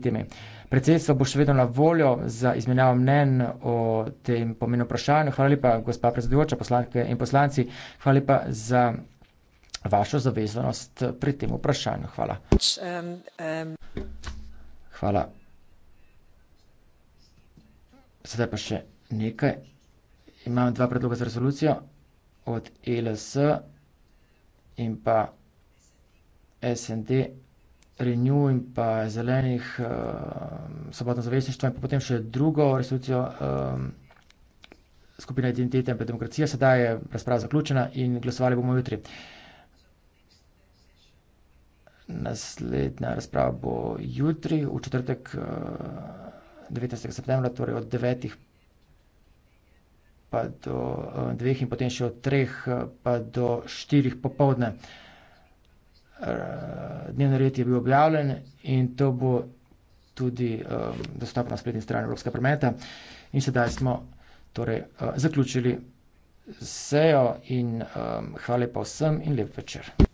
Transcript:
temi. Predsedstvo bo še vedno na voljo za izmenjavo mnen o tem pomenu vprašanju. Hvala lepa, gospa predsedujoča, poslanke in poslanci. Hvala lepa za vašo zavezanost pri tem vprašanju. Hvala. Hvala. Sedaj pa še nekaj. Imam dva predloga za rezolucijo od ELS in pa SND. Renew torej in pa zelenih, uh, eh, svobodno zavezništvo in pa potem še drugo resolucijo um, skupine identitete in demokracije. Sedaj je razprava zaključena in glasovali bomo jutri. Naslednja razprava bo jutri, v četrtek uh, eh, 19. septembra, torej od 9. pa do 2. Uh, in potem še od 3. pa do 4. popovdne. Uh, dnevni red je bil objavljen in to bo tudi um, dostopno na spletni strani Evropskega parlamenta. In sedaj smo torej, uh, zaključili sejo in um, hvala pa vsem in lep večer.